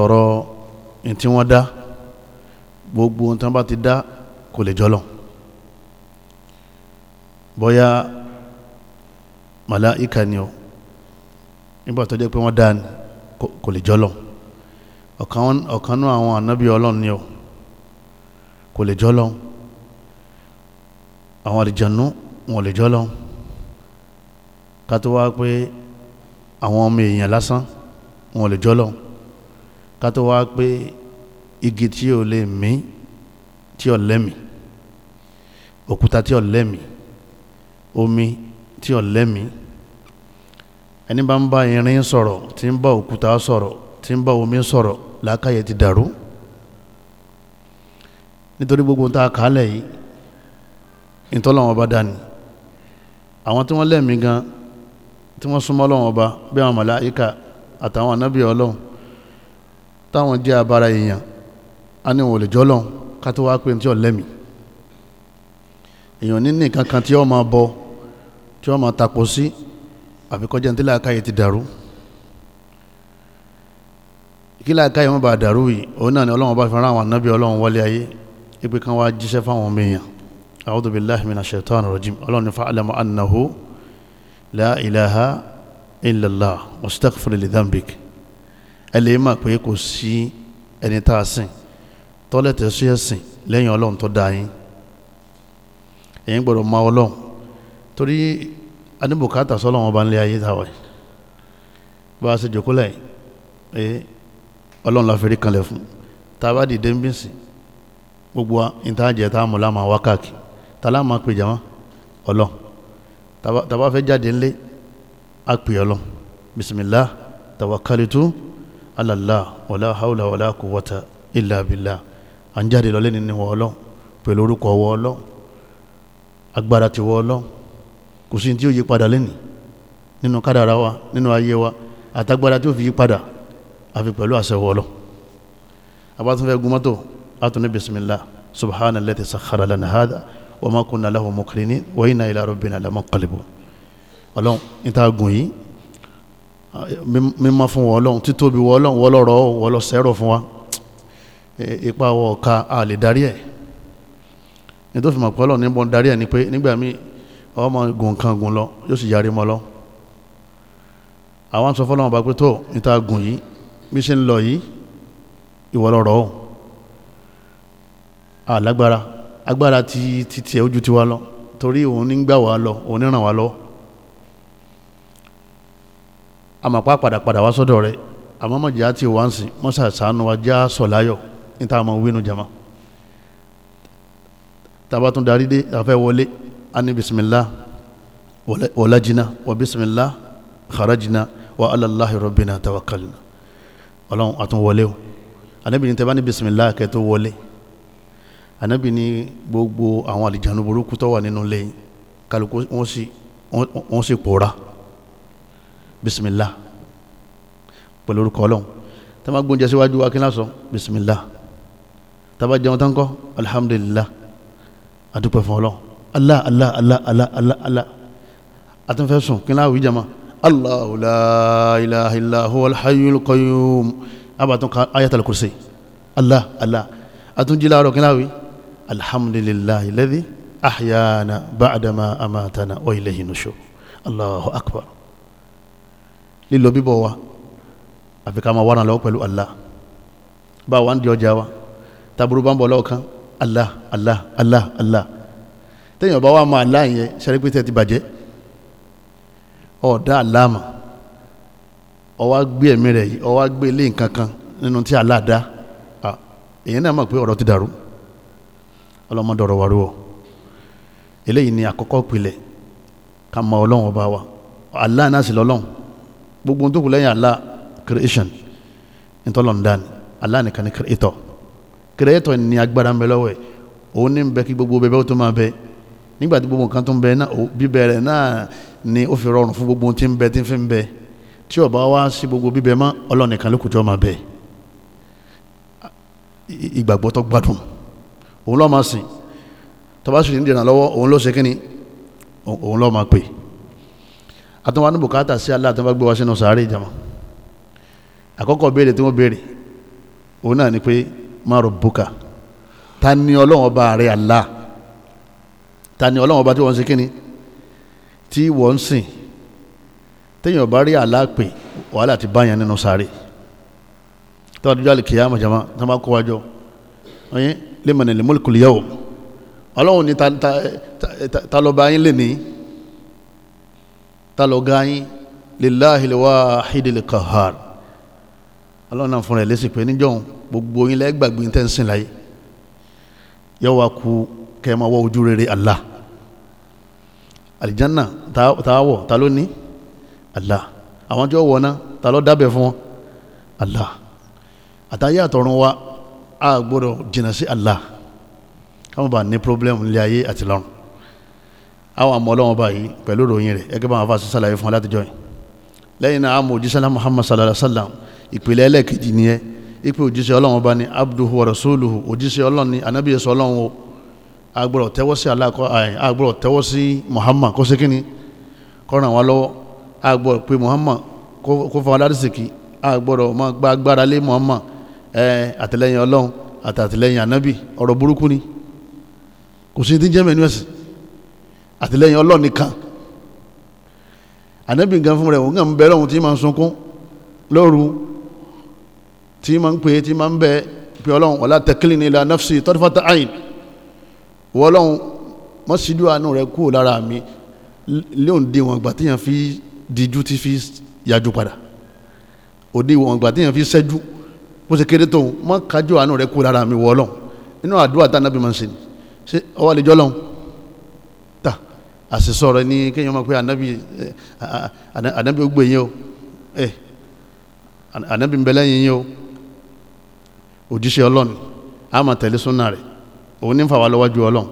tọrọ ntí wọ́n dá gbogbo ntí wọ́n bá ti dá kò lè jọlọ bóyá màláìka ni o nígbà tó jẹ́ pé wọ́n dá ni kò lè jọlọ ọ̀kan náà àwọn ànábì ọlọ́run ni o kò lè jọlọ àwọn àlìjànú wọn lè jọlọ ká tó wá pé àwọn ọmọ èèyàn lásán wọn lè jọlọ ká tó wá pé igi tí ò lè mí tí ò lẹ́mì òkúta tí ò lẹ́mì omi tí ò lẹ́mì ẹni bá ń bá irin sọ̀rọ̀ tí ń bá òkúta sọ̀rọ̀ tí ń bá omi sọ̀rọ̀ làákàyè ti dàrú nítorí gbogbo tá a kàálẹ̀ yìí ìtọ́lọ́wọ́n bá dání àwọn tí wọ́n lẹ́mí gan tí wọ́n súnmọ́ lọ́wọ́n bá bí àwọn màláíkà àtàwọn anábìyà ọlọ́run táwọn jẹ́ abara èèyàn a ní wọn ò lè jọ́lọ̀ ká tó wá pé ní tí ò lẹ́mì èèyàn ní nìkan kan tí ó máa bọ tí ó máa tapò sí àfikọ́jẹ́ ní tí làákàyè ti dàrú kí làákàyè wọn bá dàrú yìí òun náà ni ọlọ́run bá fi rán àwọn anábì ọlọ́run wọlé ayé ipe kan wá jíṣẹ́ fáwọn ọmọ èèyàn a'udhu billahi minash shaitani rajim ọlọ́run ní fa'lamu annahu la ilaha illallah wastaghfir li dhanbik ẹ lè mọ̀ pé kò sí ẹni tá a sìn tọ́lẹ̀tẹ̀ sí ẹ̀sìn lẹ́yìn ọlọ́run tó dá yín ẹ̀yin gbọ́dọ̀ mọ ọlọ́run torí aníbùkátà sọ́lọ́run ọba nílé ayé táwọn bá a ṣe jòkó lẹ̀ ẹ ọlọ́run la fẹ́rí kanlẹ̀ fún tá a bá dìde ń bí sìn gbogbo ìtajà tá a mọ̀ láàmú wákàkì tá a láàmú apèjà wọn ọlọ́run tá a bá fẹ́ jáde ńlé apè ọlọ́run bisimilah tawakalitu alàlá wàlá haúlà wàlá kúwọ́ta ilà bìlà à ń jáde lọ́lẹ́ nínú wọ́ ọlọ́run pẹ̀lú orúkọ wọ́ ọlọ́run agbára ti wọ́ ọlọ́run kò sí tí ó yí padà lẹ́nì nínú kádàrá wa nínú ayé wa àtagbára tí ó fi yí padà àfi pẹ̀lú àṣẹ wọ́ ọlọ́run abátúnfẹ́ gúnmọ́tò àtúnú bisimilá subhana lẹ́tì sàkàrà lẹ́nà hádà wọ́n má kún nàlá wọ́n yìí náà ilà mímọ́ fún wọ́lọ́hun títóbi wọ́lọ́hun wọ́lọ́rọ̀ wọ́lọ́sẹ̀rọ̀ fún wa e, ipa wọ ọ̀ka a lè darí ẹ̀ ní tó fi mọ̀ pọ́lọ̀ níbọn darí ẹ̀ ni pé nígbà míì ọmọ gùn kan gùn lọ yóò sì yarí mọ́ lọ àwọn sọ fọ́lọ́hun bá pé tó níta gùn yìí bí ṣe ń lọ yìí ìwọ́lọ́rọ̀ ọ̀hún alágbára agbára ti ti tiẹ̀ ojú tiwa lọ torí òun ní gbà wá lọ òun ní ràn wá lọ́wọ́ àmàpá padà padà wá sọ́dọ̀ rẹ̀ àmọ́ mọ̀jì á ti wá ń sìn mọ́sà sànù wa já sọ̀láyọ̀ níta àmọ́ wínú jama tàbá tún darí dé àfẹ́ wọlé a ní bisimilá wọlájìnà wà bisimilá kharajìnà wà alàláhi rọ̀bìnà tawakkalina ọlọ́run àtún wọlé o anábì ní tẹ́ bá ní bisimilá kẹ́tọ́ wọlé anábì ní gbogbo àwọn àlìjánu burúkú tó wà nínú lẹ́yìn kálukú wọ́n sì pòórá bisimilah pẹ̀lú orúkọ ọlọ́run tá a máa gbóúnjẹ síwájú wa kí náà sọ bisimilah jẹun tán kọ́ alhamdulilah adúpẹ́ fún ọlọ́run allah allah allah allah allah allah àtúnfẹ́ sùn kí náà wí jama allahu la ilaha illa huwal abatun ka ayatul kursi allah allah àtúnjí láàárọ̀ kí náà wí alhamdulilahi alladhi ahyana ba'dama amatana wa ilayhi nushur allahu akbar lílọ bíbọ̀ wa àfi ká máa wà náà lọ́wọ́ pẹ̀lú Allah bá wa ń di ọjà wa taburú bá ń bọ̀ lọ́ọ̀kan Allah Allah Allah Allah tẹ́yìn ọba wa máa Allah yẹn sẹ́rí pété ti bàjẹ́ ọ̀dá Allah mà ọwá gbé ẹ̀mí rẹ̀ yìí ọwá gbé ilé nǹkan nínú tí Allah dá èyàn náà mọ̀ pé ọ̀rọ̀ ti dàrú ọlọ́mọdé wà rú ọ eléyìí ni àkọ́kọ́ pilẹ̀ ká mọ ọlọ́run ọba wa Allah náà sì lọ́lọ́run gbogbo tó kù lẹ́yìn Allah creation ntọ́lọ́ndán Allah nìkan ni creator creator ni agbára ń bẹ lọ́wọ́ ẹ̀ òun ní bẹ kí gbogbo bẹbẹ ó tó máa bẹ nígbà tí gbogbo nǹkan tó ń bẹ náà bíbẹ rẹ náà ni ó fi rọrùn fún gbogbo tí ń bẹ tí ń fi ń bẹ tí ó wá sí gbogbo bíbẹ mọ́ Ọlọ́run ló kù tí ó máa bẹ ìgbàgbọ́ tó gbádùn òun ló máa sìn tó sì ń dìrànlọ́wọ́ òun ló ṣe òun ló máa pè é àtúnwá ní bùkátà sí Allah tó bá gbé wa sínú sàárè ìjàmọ́ àkọ́kọ́ béèrè tí wọ́n béèrè òun náà ni pé má rabbuka ta ni ọlọ́run ọba rẹ̀ Allah ta ni ọlọ́run ọba tí wọ́n ń ṣe kíni tí wọ́n ń sìn téèyàn bá rí Allah pè wàhálà ti bá yẹn nínú sàárè tó àdújọ́ al-kiyama jama tó bá kó wájọ ọyẹn limanil ni ta lọ́ba yín lè ní ta lọ ga yín lillahi wahidil kahar ọlọ́run náà fúnra ẹ̀ lẹ́sìn pé níjọ́hún gbogbo yín lẹ́gbàgbé tẹ́ ń sìn láyé yọ wá ku kẹ́ ẹ máa wọ ojú rere Allah alijanna tá a wọ̀ ta ló àwọn tí wọ́n wọ̀ náà fún wọn Allah àtàyé àtọ̀run wa a gbọ́dọ̀ jìnnà sí Allah káwọn bá ní problem ilé ayé àti àwọn àmọ́ ọlọ́wọ́n báyìí pẹ̀lú ròyìn rẹ̀ ẹgbẹ́ bá wọn fà sí sàlàyé fún alátijọ́ yìí lẹ́yìn náà àmọ́ òjíṣẹ́ náà Muhammad sallallahu alayhi wa sallam ìpìlẹ̀ ẹlẹ́ẹ̀kejì nìyẹn ipe òjíṣẹ́ ọlọ́wọ́n bá ní abduhu wa rasuluhu òjíṣẹ́ ọlọ́run ní anabi yẹsọ ọlọ́run o agbọ́dọ̀ tẹ́wọ́ sí aláàkọ́ àyìn eh, agbọ́dọ̀ tẹ́wọ́ sí Muhammad kó sékí ni kọ́ran wa lọ́wọ́ agbọ́dọ̀ pé Muhammad kó fún wa ládìsíkì agbọ́dọ̀ máa Muhammad eh, àtìlẹ́yìn ọlọ́run àtàtìlẹ́yìn anabi ọ̀rọ̀ burúkú ni kò sí ti jẹ́ mẹ́nu ẹ̀sìn àtìlẹ́yìn Ọlọ́run nìkan ànábì gan fún rẹ̀ òun kàn ń bẹ lọ́hùn tí máa ń sunkún lóru tí máa ń pè é tí máa ń bẹ pé Ọlọ́run wala takilni ila nafsi tarfata ayn wọ́n Ọlọ́run wọ́n sì dúró àánú rẹ̀ kúrò lára mi léòn dé wọn gbà téèyàn fi díjú tí fi yájú padà òde wọn gbà téèyàn fi sẹ́jú bó ṣe kéré tó wọn kájú àánú rẹ̀ kúrò lára mi wọ́n Ọlọ́run inú àdúrà tá ànábì àṣìṣọ́ rẹ ní kéèyàn máa pé ànábì eh, gbé yín o eh, ànábì ńbẹ lẹ́yìn yín o òjíṣẹ́ ọlọ́run a máa tẹ̀lé súnà rẹ̀ òun ní fàwa lọ́wọ́jú ọlọ́run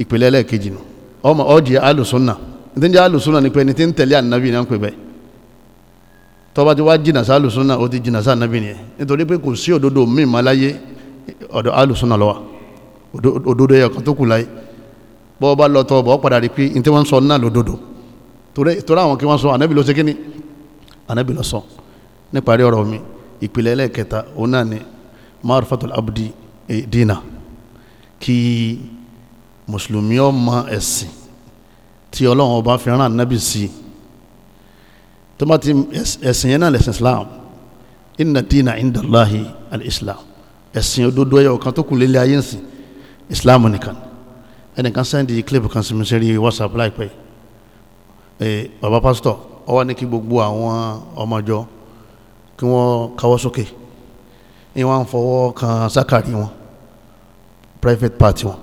ìpìlẹ̀ ẹlẹ́ẹ̀kejì nù ọmọ ọ̀jì alùsùnà ní jẹ́ alùsùnà ni pé ní ti ń tẹ̀lé ànábì náà ń pè bẹ́ẹ̀ tọ́ba ti wá jìnà sí alùsùnà ó ti jìnà sí ànábì nìyẹn nítorí pé kò sí òdodo míì máa láyé ọ̀dọ̀ alùsùnà ló wà òdodo yẹ kan tó kù láyé bọ́ ọba lọ tọ́ ọba ọ̀padà rí pé ní tí wọ́n ń sọ náà lódodo torí àwọn kí wọ́n sọ ànábì ló ṣe kí ni ànábì ló sọ níparí ọ̀rọ̀ mi ìpìlẹ̀ ẹlẹ́ẹ̀kẹta òun náà ni marifatul abdi e, dina kí mùsùlùmí ọmọ ẹ̀sìn tí ọlọ́run ọba fi rán ànábì sí tó bá ti ẹ̀sìn yẹn náà lẹ̀sìn islam inna dina indallahi al-islam ẹ̀sìn òdodo ẹ̀yọ̀ kan tó kù lélẹ̀ ayé ń sìn islam nìkan ni ẹnìkan sẹ́ndì clip kan sí mi sí rí whatsapp láìpẹ́ ẹ bàbá pásítọ̀ ọ wá ní kí gbogbo àwọn ọmọjọ kí wọ́n káwọ́ sókè ni wọ́n fọwọ́ kan sákàrí wọn private party wọn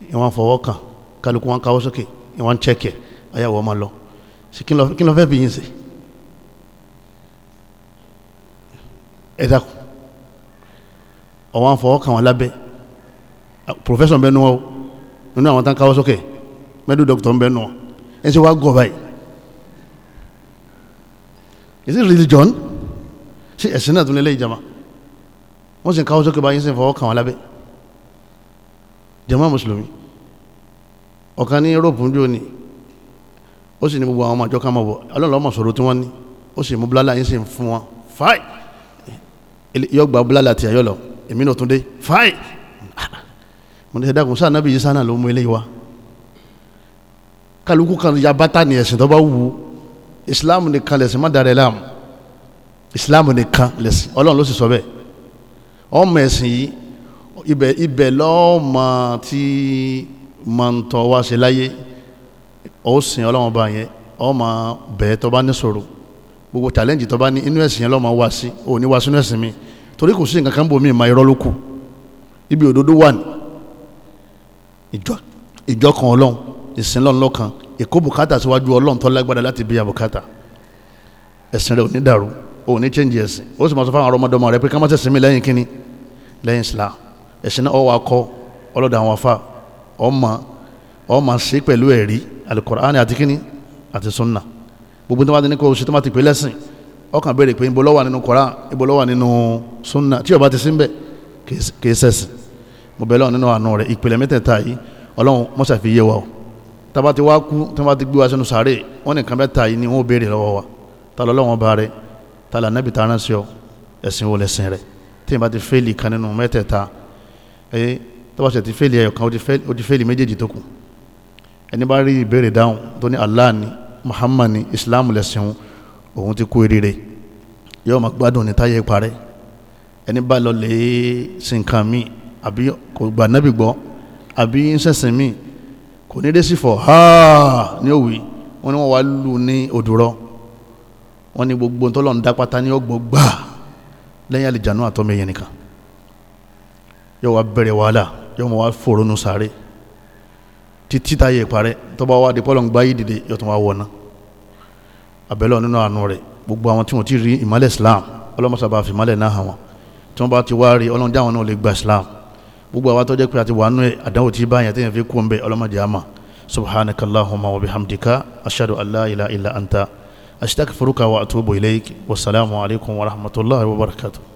ni wọ́n fọwọ́ kan kálukú wọn káwọ́ sókè ni wọ́n check ẹ̀ ayáwó ọmọ lọ sí kí ló fẹ́ bí yín sí ẹ dákun ọ̀wọ́n fọwọ́ kan wọn lábẹ́ professor bẹ́ẹ̀ ni wọ́n o nínú àwọn tán káwọ́ sókè mẹ́dù dọ́kítọ̀ ń bẹ́ nù wọn ẹ ṣe wá gọ̀ báyìí is it religion ṣe ẹ̀sìn náà tún lé lẹ́yìn jama wọ́n sì ń káwọ́ sókè báyìí sì ń fọwọ́ kàn wọ́n lábẹ́ jama mùsùlùmí ọ̀kan ní europe ń jò ní ó sì ní gbogbo àwọn ọmọ àjọ kan mọ̀ bọ̀ ọlọ́run ọmọ sọ̀rọ̀ tí wọ́n ní ó sì mú búlálà yín sì ń fún wọn fáì yọ gba tí a yọ lọ èmi náà tún dé fáì mo ní ẹ̀dá kò sáà nábì Ìsá náà ló mú eléyìí wá kálukú kan ya bàtà ní ẹ̀sìn tó bá wù Islam nìkan lẹ̀sìn má darẹ̀ láàmú Islam nìkan lẹ̀sìn Ọlọ́run ló sì sọ bẹ́ẹ̀ ọmọ ẹ̀sìn yìí ibẹ̀ ibẹ̀ lọ́ọ̀mọ tí mọ̀ntọ́ wá ṣe láyé ó sìn Ọlọ́run bá yẹn ọmọ bẹ́ẹ̀ tó bá ní sọ̀rọ̀ gbogbo challenge tó bá ní inú ẹ̀sìn yẹn lọ́mọ wá sí òní wá sínú ẹ̀sìn mi torí kò sí nǹkan kan bò mí ìmọ̀ irọ́ ibi òdodo wà ní ìjọ kan ọlọ́run ìsìn lọ́n lọ́kan èkó bùkátà síwájú ọlọ́run tó lágbára láti bí àbùkátà ẹ̀sìn rẹ̀ ò ní dàrú ò ní chẹ́ǹjì ẹ̀sìn ó sì máa sọ fáwọn ọmọdọmọ rẹ pé ká má ṣe sinmi lẹ́yìn kínní lẹ́yìn sílá ẹ̀sìn náà ọwọ́ akọ ọlọ́dà àwọn afá ọmọ ọmọ sí pẹ̀lú ẹ̀rí alukur'ani àti kínní àti sunna gbogbo tó bá ti ní kó o ṣe tó bá ti pè lẹ́sìn ọkàn béèrè pé ibo ló nínú Kùránì ibo ló nínú sunna tí ó bá ti sí ń bẹ̀ kì í sẹ́sìn mo bẹ̀ lọ́wọ́ nínú àánú rẹ̀ ìpìlẹ̀ mẹ́tẹ̀ẹ̀ta yìí ọlọ́run mọ́sà fi yé wa o tába ti wá kú tába ti gbé wa sínú sàárè wọ́n nìkan bẹ́ẹ̀ ta yìí ni wọ́n béèrè lọ́wọ́ wa ta lọ́lọ́wọ́n ba rẹ̀ ta là nẹ́bi ta ránṣẹ́ ọ ẹ̀sìn wo lẹ́sìn rẹ̀ tí ìbá ti fẹ́ẹ̀lì kan nínú mẹ́tẹ̀ẹ̀ta ẹ tọ́ba ṣe ti fẹ́ẹ̀lì ẹ̀yọ̀kan ó ti fẹ́ẹ̀lì méjèèjì tó kù ẹni bá rí ìbéèrè dáhùn tó ní Allah ni Muhammad ni Islam lẹ́sìn òun ti kú eré yóò máa gbádùn ní táyé parẹ́ ẹni bá lọ lè ṣe míì àbí kò gbà nábì gbọ́ àbí ń sẹ̀sìn míì kò ní dé sí fọ̀ háà ní òwì wọ́n ní wọ́n wá lù ní òdùrọ̀ wọ́n ní gbogbo tọ́lọ̀ ń dá pátá ní ọgbọ̀n gbà lẹ́yìn àlìjànú àtọ́mẹyẹ nìkan yóò wá bẹ̀rẹ̀ wàhálà yóò mọ̀ wá fòrò sáré títí táyé ìparẹ́ tọ́ba wa dípọ́ lọ́n gbá yìí dìde yóò tún wá wọ̀nà àbẹ̀lọ́ nínú àánú rẹ̀ gbogbo àwọn tí wọ́n ti rí ìmọ̀lẹ̀ Islam ọlọ́mọsábà fìmọ̀lẹ̀ náà hàn wọ́n tí wọ́n bá ti wá rí ọlọ́njà àwọn náà lè gba Islam gbogbo àwa tó jẹ́ pé àti wàánu ẹ̀ àdáwò tí bá yẹn tẹ́yìn fi kú ọ̀nbẹ ọlọ́mọdé àmà subhanaka allahumma wa bihamdika ashhadu an la ilaha illa anta wa atubu ilayk wasalaamu alaykum wa rahmatulahi wa barakatuh.